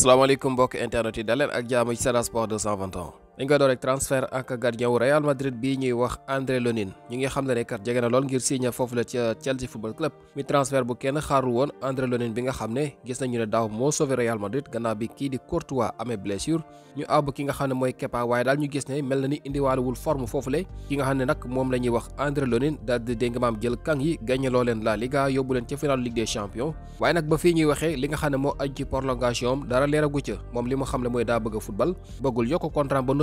salaamaaleykum mbokk internet yi daleen ak jaamu ci Sen Sport 221 dañ koy door rek transfert ak gardien wu Real Madrid bi ñuy wax André Lonin ñi nga xam ne kat jege na lool ngir signé foofu la Chelsea football club mi transfert bu kenn xaarul woon André Lonin bi nga xam ne gis nañu ne daaw moo sauvé Real Madrid gannaaw bi kii di Courtois amee blessure ñu àbb ki nga xam ne mooy Kepa waaye daal ñu gis ne mel na ni indiwaalewul forme foofu la ki nga xam ne nag moom la wax André Lonin daal di jël kang yi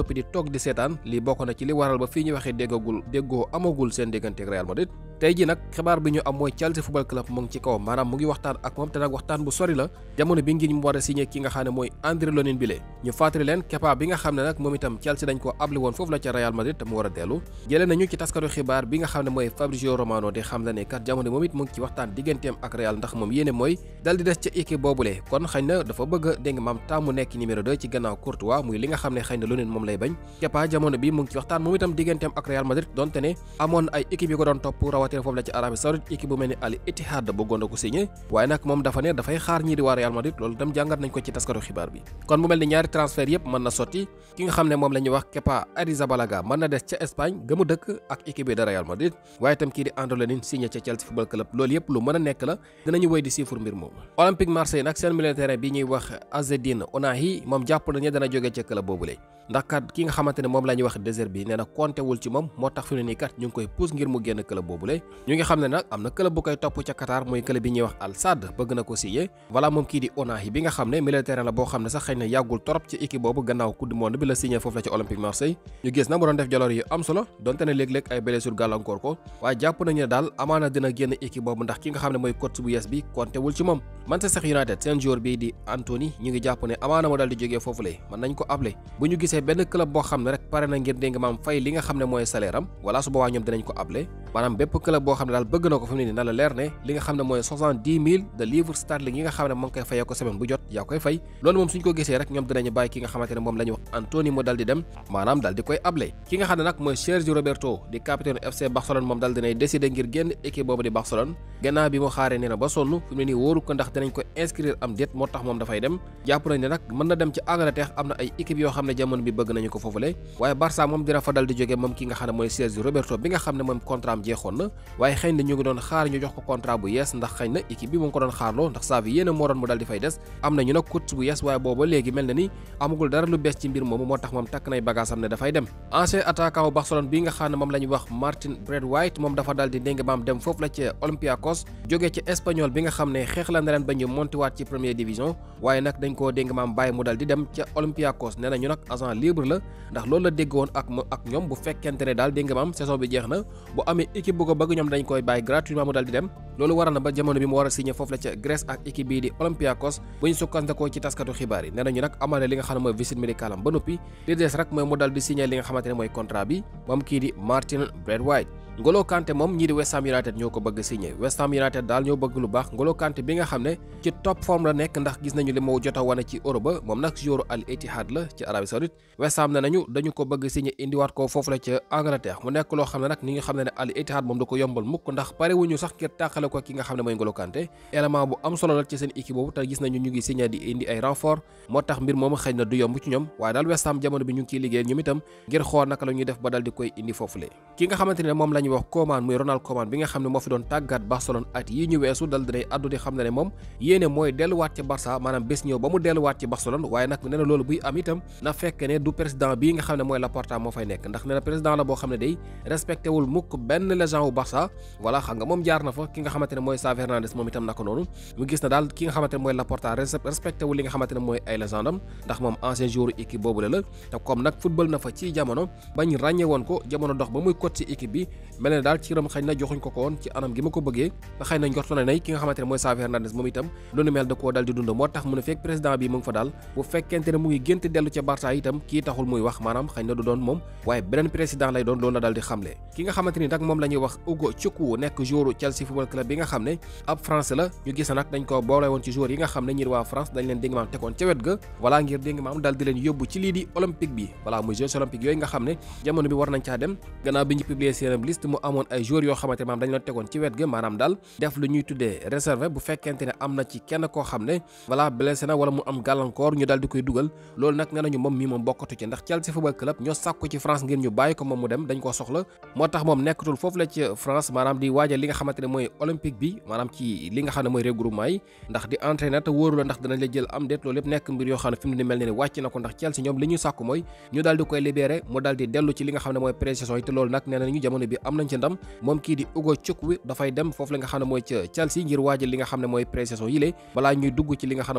noppi di toog di seetaan lii bokk na ci li waral ba fii ñu waxee déggagul déggoo amagul seen diggante ak Real Madrid tey ji nag xibaar bi ñu am mooy Chelsea football club mu ci kaw maanaam mu ngi waxtaan ak moom te nag waxtaan bu sori la jamono bi ngir mu war a signé ki nga xam ne mooy André Lonin bile ñu fàttali leen Kepa bi nga xam ne nag moom itam Chelsea dañ ko able woon foofu la ca Real Madrid te mu war a dellu jëlee nañu ci taskatu xibaar bi nga xam ne mooy Fabrizio Romano di xam la ne kat jamono moom it mu ci waxtaan digganteem ak Real ndax moom supporter foofu la ci Arabie Saoudite équipe bu mel ni Al Ittihad bëggoon na signé waaye nag moom dafa ne dafay xaar ñii di waa Real Madrid loolu dem jàngat nañ ko ci taskatu xibaar bi kon mu mel ni ñaari transfert yëpp mën na sotti ki nga xam ne moom la wax Kepa Arrizabalaga mën na des Espagne gëmu dëkk ak équipe bi de Real Madrid waaye itam kii di André Lunin signé ca Chelsea Football Club loolu yëpp lu mën a nekk la dinañu wéy di siifur mbir moomu Olympique Marseille nag seen milieu terrain bi ñuy wax Azzedine Ounahi moom jàpp nañu dana jógee ca club boobule ndax kat ki nga xamante ne moom wax désert bi nee na compté wul ci moom moo tax fi ne kat ñu koy pousse ngir mu génn club boobule ñu ngi xam ne nag am na club bu koy topp ca Qatar mooy club bi ñuy wax Al Sadd bëgg na ko signé voilà moom kii di Onahi bi nga xam ne militaire la boo xam ne sax xëy na yàggul trop ci équipe boobu gannaaw coupe du monde bi la signé foofu la ci Olympique Marseille ñu gis na mu doon def jaloor yu am solo donte ne léeg-léeg ay blessure gàllankoor ko waaye jàpp nañu ne daal amaana dina génn équipe boobu ndax ki nga xam ne mooy coach bu yees bi kontewul ngi jàpp ne amaana moo daal di jógee foofu lay mën nañ ko appelé xam ne rek pare na ngir dégg maam li nga xam ne mooy salaire am wala su boobaa ñoom dinañ ko appelé maanaam bépp club boo xam ne daal bëgg na ko fi mu leer ne li nga xam ne mooy soixante-dix mille de livres sterling yi nga xam ne moo koy fayee ko semaine bu jot yaa koy fay loolu moom suñ ko gisee rek ñoom dinañu bàyyi ki nga xamante ne moom la di koy able ki nga xam ne nag mooy Sergio Roberto di capitaine FC Barcelone moom dal dinay décider ngir génn équipe boobu di Barcelone gannaaw bi mu xaaree nee na ba sonn fi ne nii wóoru ndax dina jeexoon na waaye xëy na ñu ngi doon xaar ñu jox ko contrat bu yees ndax xëy na équipe bi mu ngi ko doon xaarloo ndax saa bi yéen mu dal di fay des am nañu nag coach bu yees waaye booba léegi mel na ni amagul dara lu bees ci mbir moomu moo tax moom takk nay bagage am ne dafay dem ancien attaquant bu Barcelone bi nga xam ne moom la ñuy moom dafa dal di ndénga dem foofu la ci Olympiakos jógee ci Espagnol bi nga xam ne xeex la na ba ñu monté waat ci première koo dénga maam bàyyi mu dal di dem ca Olympiakos nee nañu nag agent libre la ndax loolu la déggoon ne daal dénga maam saison bi jeex na bu amee équipe bu ko bëgg ñoom dañ koy bàyyi gratuitement mu dal dem loolu waral na ba jamono bi mu war a foofu la ca Grèce ak équipe bii di Olympiakos bu ñu sukkandikoo ci taskatu xibaar yi nee nañu nag amal li nga xam ne mooy visite médicale am ba noppi li des rek mooy mu dal di signé li nga xamante ne mooy contrat bi moom kii di Martin Braithwaite Ngolo moom ñii di West Ham United ñoo ko bëgg signé West Ham United daal ñoo bëgg lu baax Ngolo bi nga xam ne ci top forme la nekk ndax gis nañu li mu jot ko bëgg la ca Angleterre mu loo xam ne nag nga xam ne ne Al Ittihad jàppale ko ki nga xam ne mooy Ngolo Kanté bu am solo la ci seen équipe boobu te gis nañu ñu ngi signé di indi ay renfort moo tax mbir moomu xëy na du yomb ci ñoom waaye daal West jamono bi ñu ngi ciy ñoom itam ngir xool naka la def ba dal di koy indi foofule ki nga xamante ne moom la wax Koeman muy Ronald Koeman bi nga xam ne moom ba mu delluwaat ci Barcelone waaye nag nee loolu buy am itam na fekk ne du président bii nga xam ne xamante ne mooy Xavi Hernandez moom itam naka noonu mu gis na daal ki nga xamante ne mooy Laporta respecté li nga xamante ne moom ancien joueur équipe ci jamono bañ ràññee woon ko Football Club la bi nga xam ab français la ñu gis nag dañ ko boole woon ci joueur yi nga ñir France dañ leen dégg maam tegoon ca wet ga voilà ngir dégg maam dal di leen yóbbu ci lii olympique bi voilà muy jeux olympiques yooyu nga xam ne jamono bi war nañ caa dem gannaaw bi ñu publier seen liste mu amoon ay joueurs yoo xamante maam dañ leen tegoon ci wet ga maanaam daal def lu ñuy tuddee réservé bu fekkente ne am ci kenn koo xam ne blessé na wala mu am ñu dal di koy bokkatu ci ndax Chelsea football club ci France ngir ñu bàyyi ko mu dem dañ ko soxla moo nekkatul la ci France maanaam di waajal li nga xamante ne mooy olympique bi maanaam ci li nga xam ne mooy regroupement yi ndax di entraîner te wóoru ndax danañ la jël am déet loolu yëpp nekk mbir yoo xam ne fi ne mel wàcc na ko ndax Chelsea ñoom li ñu sàkku mooy ñu daal koy libéré mu daal dellu ci li nga xam ne mooy pré-saison yi te loolu nag nee nañu jamono bi am nañ ci moom kii di Ugo Chukwu dafay dem foofu li nga xam ne mooy ca Chelsea ngir waajal li nga xam ne mooy pré-saison yi lée balaa ñuy dugg ci li nga